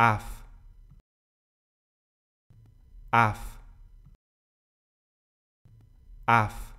af af af